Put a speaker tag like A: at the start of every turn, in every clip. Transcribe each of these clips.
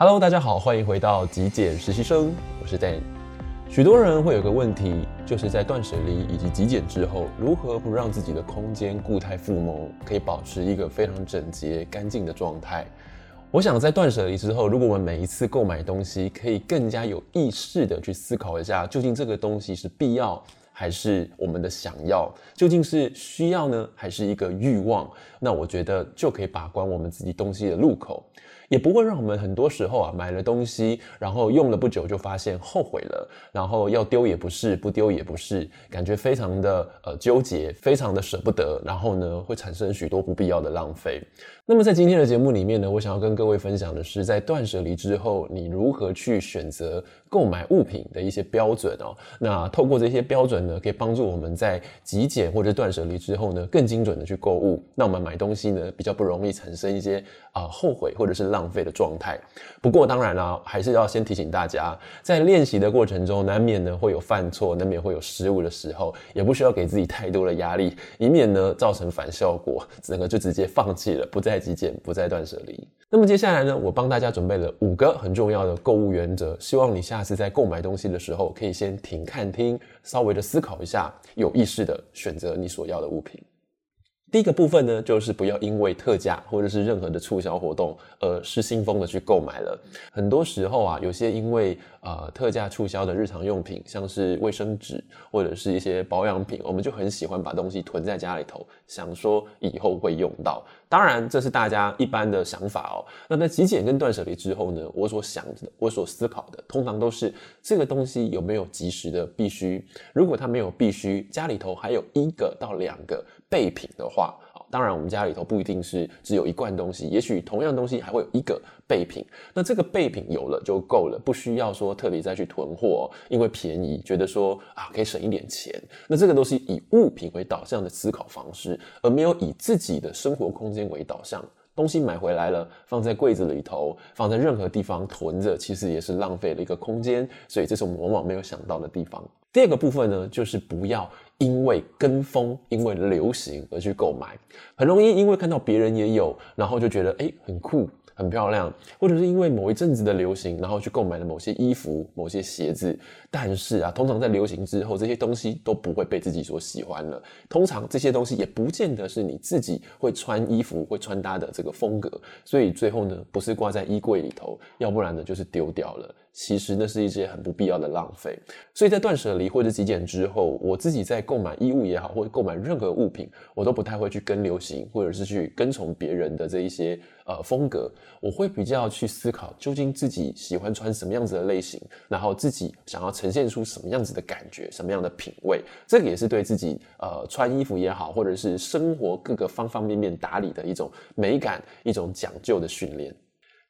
A: Hello，大家好，歡迎回到極簡實習生，我是 Dan。許多人會有個問題，就是在斷捨離以及極簡之後，如何不讓自己的空間故態復萌，可以保持一個非常整潔、乾淨的狀態？我想，在斷捨離之後，如果我們每一次購買東西，可以更加有意識的去思考一下，究竟這個東西是必要，還是我們的想要？究竟是需要呢，還是一個慾望？那我覺得就可以把關我們自己東西的入口。也不會讓我們很多時候啊，買了東西，然後用了不久就發現後悔了，然後要丟也不是，不丟也不是，感覺非常的呃糾結，非常的舍不得，然後呢，會產生許多不必要的浪費。那麼在今天的節目裡面呢，我想要跟各位分享的是，在斷舍離之後，你如何去選擇購買物品的一些標準哦。那透過這些標準呢，可以幫助我們在極簡或者斷舍離之後呢，更精準的去購物，那我們買東西呢比較不容易產生一些啊、呃、後悔或者是浪。浪費的狀態。不過當然啦、啊，還是要先提醒大家，在練習的過程中，難免呢會有犯錯，難免會有失誤的時候，也不需要給自己太多的壓力，以免呢造成反效果，整個就直接放棄了，不再極簡，不再斷捨離。那麼接下來呢，我幫大家準備了五個很重要的購物原則，希望你下次在購買東西的時候，可以先停、看、聽，稍微的思考一下，有意識的選擇你所要的物品。第一個部分呢，就是不要因為特價或者是任何的促銷活動，呃，失心瘋的去購買了。很多時候啊，有些因為呃特價促銷的日常用品，像是衛生紙或者是一些保養品，我們就很喜歡把東西囤在家裡頭，想說以後會用到。當然，這是大家一般的想法哦。那在極簡跟斷舍離之後呢，我所想的、我所思考的，通常都是這個東西有沒有及時的必須？如果它沒有必須，家裡頭還有一個到兩個。備品的話，當然我們家裡頭不一定是只有一罐東西，也許同樣東西還會有一個備品。那這個備品有了就夠了，不需要說特別再去囤貨，因為便宜，覺得說啊可以省一點錢。那這個都是以物品為導向的思考方式，而沒有以自己的生活空間為導向。東西買回來了，放在櫃子裡頭，放在任何地方囤着，其實也是浪費了一個空間。所以這是我們往往沒有想到的地方。第二個部分呢，就是不要因為跟風，因為流行而去購買，很容易因為看到別人也有，然後就覺得誒，欸，很酷，很漂亮，或者是因為某一陣子的流行，然後去購買了某些衣服、某些鞋子。但是啊，通常在流行之後，這些東西都不會被自己所喜歡了。通常這些東西也不見得是你自己會穿衣服、會穿搭的這個風格。所以最後呢，不是掛在衣櫃裡頭，要不然呢，就是丟掉了。其實那是一些很不必要的浪費，所以在斷捨離或者極簡之後，我自己在購買衣物也好，或購買任何物品，我都不太會去跟流行，或者是去跟從別人的這一些呃風格。我會比較去思考，究竟自己喜歡穿什麼樣子的類型，然後自己想要呈現出什麼樣子的感覺，什麼樣的品味。這個也是對自己呃穿衣服也好，或者是生活各個方方面面打理的一種美感，一種講究的訓練。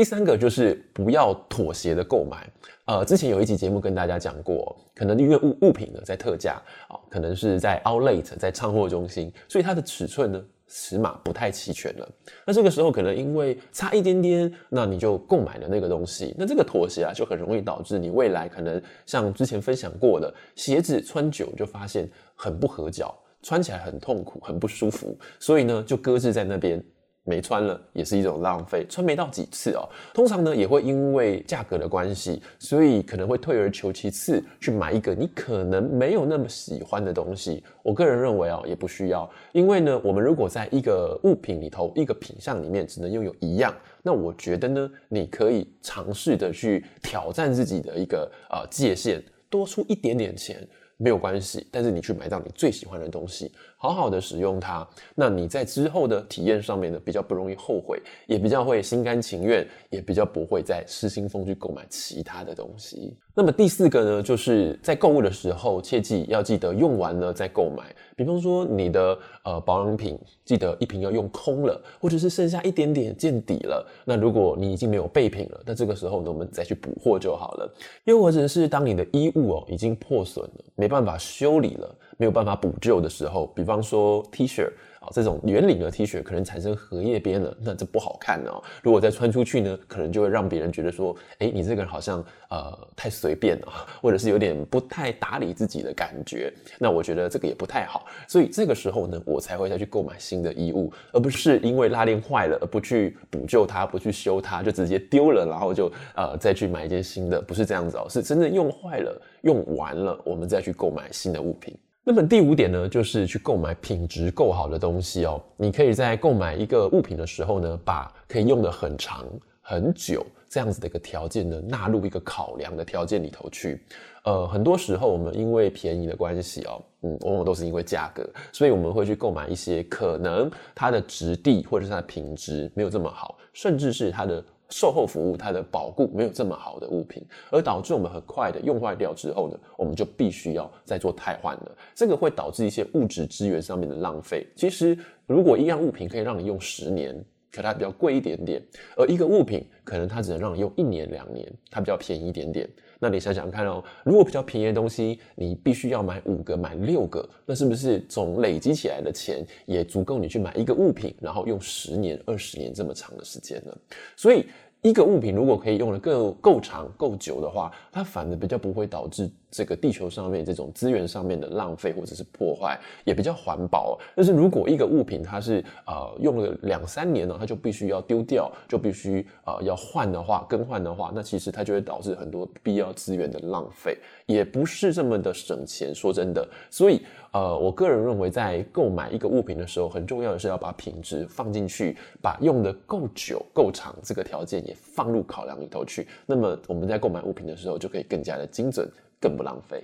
A: 第三個就是不要妥協的購買。呃，之前有一集節目跟大家講過，可能因為物物品呢在特價啊，哦，可能是在 Outlet 在暢貨中心，所以它的尺寸呢尺碼不太齊全了。那這個時候可能因為差一點點，那你就購買了那個東西。那這個妥協啊，就很容易導致你未來可能像之前分享過的鞋子穿久就發現很不合腳，穿起來很痛苦，很不舒服，所以呢就擱置在那邊。沒穿了也是一種浪費，穿沒到幾次哦，通常呢也會因為價格的關係，所以可能會退而求其次去買一個你可能沒有那麼喜歡的東西。我個人認為哦，也不需要，因為呢我們如果在一個物品裡頭一個品項，裡面只能擁有一樣，那我覺得呢，你可以嘗試的去挑戰自己的一個啊、呃、界限，多出一點點錢沒有關係，但是你去買到你最喜歡的東西。好好的使用它，那你在之後的體驗上面呢，比較不容易後悔，也比較會心甘情願，也比較不會再失心瘋去購買其他的東西。那麼第四個呢，就是在購物的時候，切記要記得用完了再購買。比方說你的呃保養品，記得一瓶要用空了，或者是剩下一點點見底了。那如果你已經沒有備品了，那這個時候呢，我們再去補貨就好了。又或者是當你的衣物哦、喔、已經破損了，沒辦法修理了，沒有辦法補救的時候，比比方說 T 恤啊，喔，這種圓領的 T 恤可能產生荷葉邊了，那這不好看哦、喔，如果再穿出去呢，可能就會讓別人覺得說，哎、欸，你這個人好像呃太隨便了、喔，或者是有點不太打理自己的感覺。那我覺得這個也不太好。所以這個時候呢，我才會再去購買新的衣物，而不是因為拉鏈壞了而不去補救它，不去修它，就直接丟了，然後就呃再去買一件新的，不是這樣子哦、喔。是真正用壞了、用完了，我們再去購買新的物品。那麼第五點呢，就是去購買品質夠好的東西哦。你可以在購買一個物品的時候呢，把可以用的很長很久這樣子的一個條件呢，納入一個考量的條件裡頭去。呃，很多時候我們因為便宜的關係哦，嗯，往往都是因為價格，所以我們會去購買一些可能它的質地或者是它的品質沒有這麼好，甚至是它的。售後服務它的保固沒有這麼好的物品，而導致我們很快的用壞掉之後呢，我們就必須要再做汰換了，這個會導致一些物質資源上面的浪費。其實，如果一樣物品可以讓你用十年。可它比較貴一點點，而一個物品可能它只能讓你用一年兩年，它比較便宜一點點。那你想想看哦、喔，如果比較便宜的東西，你必須要買五個、買六個，那是不是總累積起來的錢也足夠你去買一個物品，然後用十年、二十年這麼長的時間呢？所以一個物品如果可以用的夠夠長、夠久的話，它反而比較不會導致。這個地球上面這種資源上面的浪費或者是破壞也比較環保。但是，如果一個物品它是呃用了兩三年呢，它就必須要丟掉，就必須呃要換的話，更換的話，那其實它就會導致很多必要資源的浪費，也不是這麼的省錢。說真的，所以呃，我個人認為，在購買一個物品的時候，很重要的是要把品質放進去，把用得夠久夠長這個條件也放入考量裡頭去。那麼，我們在購買物品的時候，就可以更加的精準。更不浪費。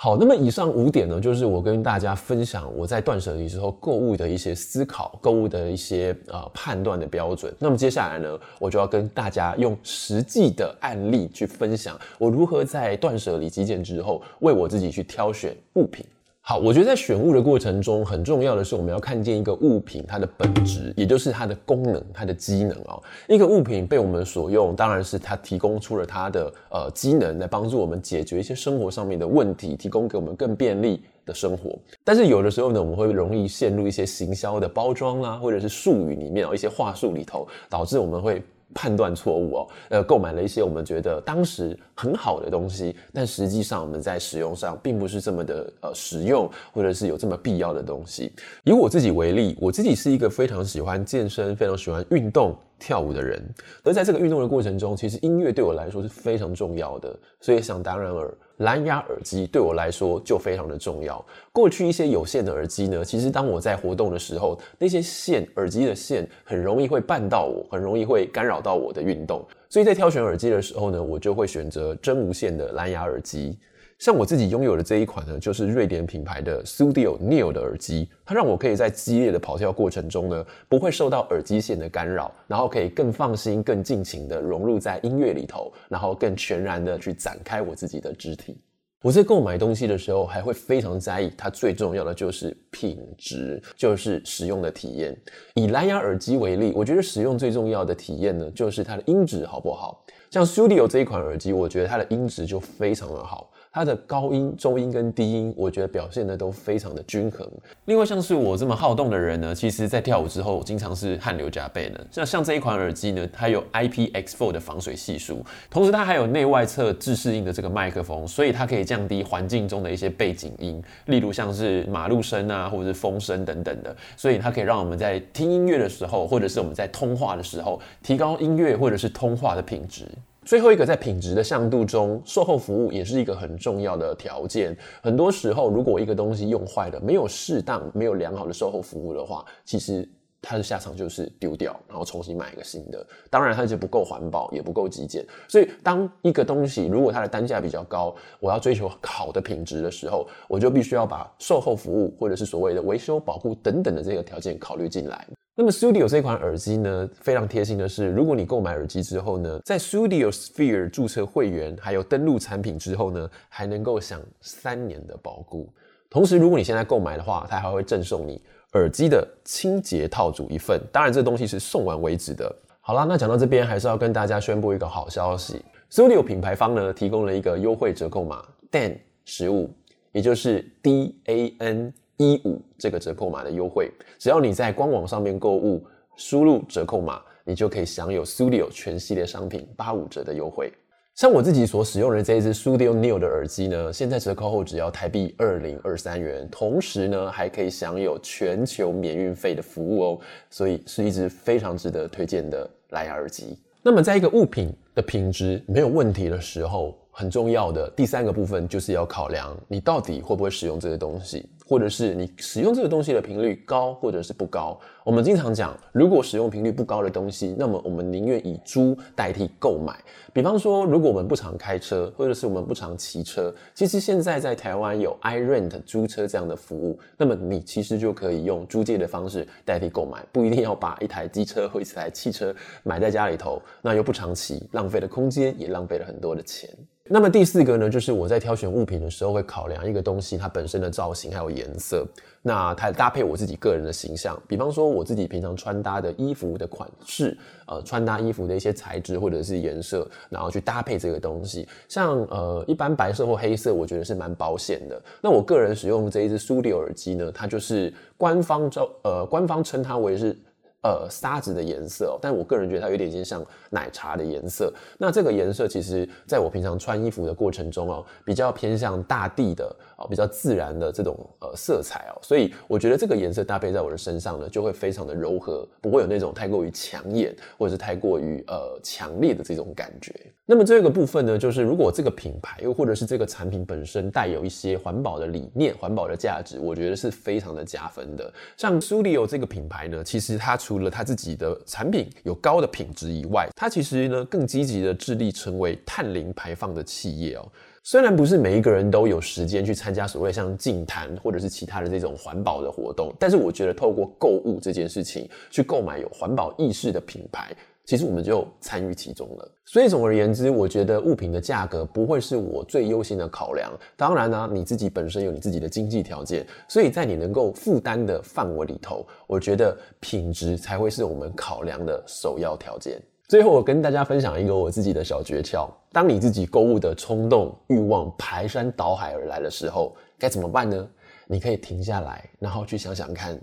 A: 好，那麼以上五點呢，就是我跟大家分享我在斷捨離之後購物的一些思考，購物的一些呃判斷的標準。那麼接下來呢，我就要跟大家用實際的案例去分享我如何在斷捨離實踐之後為我自己去挑選物品。好，我覺得在選物的過程中，很重要的是我們要看見一個物品它的本質，也就是它的功能、它的機能啊、喔。一個物品被我們所用，當然是它提供出了它的呃機能，來幫助我們解決一些生活上面的問題，提供給我們更便利的生活。但是有的時候呢，我們會容易陷入一些行銷的包裝啦、啊，或者是術語裡面啊、喔，一些話術裡頭，導致我們會。判斷錯誤哦，呃，購買了一些我們覺得當時很好的東西，但實際上我們在使用上並不是這麼的呃實用，或者是有這麼必要的東西。以我自己為例，我自己是一個非常喜歡健身、非常喜歡運動、跳舞的人，而在這個運動的過程中，其實音樂對我來說是非常重要的，所以想當然爾。藍牙耳機對我來說就非常的重要。過去一些有線的耳機呢，其實當我在活動的時候，那些線耳機的線很容易會絆到我，很容易會干擾到我的運動。所以在挑選耳機的時候呢，我就會選擇真無線的藍牙耳機。像我自己擁有的這一款呢，就是瑞典品牌的 Sudio Nio 的耳機，它讓我可以在激烈的跑跳過程中呢，不會受到耳機線的干擾，然後可以更放心、更盡情的融入在音樂裡頭，然後更全然的去展開我自己的肢體。我在購買東西的時候，還會非常在意它最重要的就是品質，就是使用的體驗。以藍牙耳機為例，我覺得使用最重要的體驗呢，就是它的音質好不好。像 Sudio 這一款耳機，我覺得它的音質就非常的好。它的高音、中音跟低音，我覺得表現的都非常的均衡。另外，像是我這麼好動的人呢，其實在跳舞之後，經常是汗流浹背的。那像這一款耳機呢，它有 IPX4 的防水係數，同時它還有內外側自適應的這個麥克風，所以它可以降低環境中的一些背景音，例如像是馬路聲啊，或者是風聲等等的。所以它可以讓我們在聽音樂的時候，或者是我們在通話的時候，提高音樂或者是通話的品質。最後一個，在品質的向度中，售後服務也是一個很重要的條件。很多時候，如果一個東西用壞了，沒有適當、沒有良好的售後服務的話，其實，它的下場就是丟掉，然後重新買一個新的。當然，它就不夠環保，也不夠極簡。所以，當一個東西如果它的單價比較高，我要追求好的品質的時候，我就必須要把售後服務或者是所謂的維修、保固等等的這個條件考慮進來。那麼，Sudio 這款耳機呢，非常貼心的是，如果你購買耳機之後呢，在 Sudio Sphere 注冊會員，還有登錄產品之後呢，還能夠享三年的保固。同時，如果你現在購買的話，它還會贈送你。耳機的清潔套組一份，當然這東西是送完為止的。好啦，那講到這邊，還是要跟大家宣布一個好消息，Sudio 品牌方呢，提供了一個優惠折扣碼 DAN 十五，也就是 D A N 一五這個折扣碼的優惠，只要你在官網上面購物，輸入折扣碼，你就可以享有 Sudio 全系列商品八五折的優惠。像我自己所使用的這一支 Sudio Nio 的耳機呢，現在折扣後只要台幣二零二三元，同時呢還可以享有全球免運費的服務哦，所以是一支非常值得推薦的藍牙耳機。那麼，在一個物品的品質沒有問題的時候，很重要的第三個部分就是要考量你到底會不會使用這個東西。或者是你使用這個東西的頻率高，或者是不高。我們經常講，如果使用頻率不高的東西，那麼我們寧願以租代替購買。比方說，如果我們不常開車，或者是我們不常騎車，其實現在在台灣有 iRent 租車這樣的服務，那麼你其實就可以用租借的方式代替購買，不一定要把一台機車或一台汽車買在家裡頭，那又不常騎，浪費了空間也浪費了很多的錢。那麼第四個呢，就是我在挑選物品的時候會考量一個東西它本身的造型，還有顏色，那它搭配我自己個人的形象，比方說我自己平常穿搭的衣服的款式，呃，穿搭衣服的一些材質或者是顏色，然後去搭配這個東西。像呃，一般白色或黑色，我覺得是蠻保險的。那我個人使用這一只 Sudio 耳機呢，它就是官方叫呃，官方稱它為是。呃，沙子的顏色、喔，但我個人覺得它有點像像奶茶的顏色。那這個顏色其實，在我平常穿衣服的過程中哦、喔，比較偏向大地的、喔、比較自然的這種呃色彩哦、喔，所以我覺得這個顏色搭配在我的身上呢，就會非常的柔和，不會有那種太過於搶眼，或者是太過於呃強烈的這種感覺。那麼這個部分呢，就是如果這個品牌又或者是這個產品本身帶有一些環保的理念、環保的價值，我覺得是非常的加分的。像 Sudio 這個品牌呢，其實它除了它自己的產品有高的品質以外，它其實呢更積極的致力成為碳零排放的企業哦、喔。雖然不是每一個人都有時間去參加所謂像淨灘或者是其他的這種環保的活動，但是我覺得透過購物這件事情去購買有環保意識的品牌，其實我們就參與其中了，所以總而言之，我覺得物品的價格不會是我最優先的考量。當然呢、啊，你自己本身有你自己的經濟條件，所以在你能夠負擔的範圍裡頭，我覺得品質才會是我們考量的首要條件。最後，我跟大家分享一個我自己的小訣竅：當你自己購物的衝動慾望排山倒海而來的時候，該怎麼辦呢？你可以停下來，然後去想想看，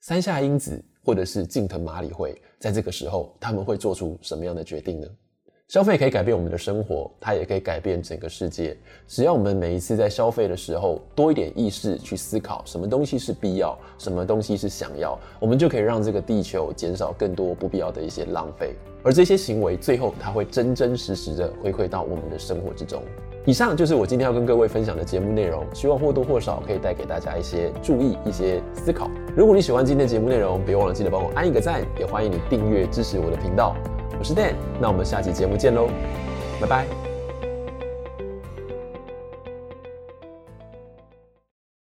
A: 山下英子。或者是近藤麻理惠在這個時候，他們會做出什麼樣的決定呢？消費可以改變我們的生活，它也可以改變整個世界。只要我們每一次在消費的時候多一點意識去思考，什麼東西是必要，什麼東西是想要，我們就可以讓這個地球減少更多不必要的一些浪費。而這些行為最後，它會真真實實的回饋到我們的生活之中。以上就是我今天要跟各位分享的節目內容，希望或多或少可以帶給大家一些注意、一些思考。如果你喜歡今天的節目內容，別忘了記得幫我按一個讚，也歡迎你訂閱支持我的頻道。我是 Dan，那我們下期節目見嘍，拜拜。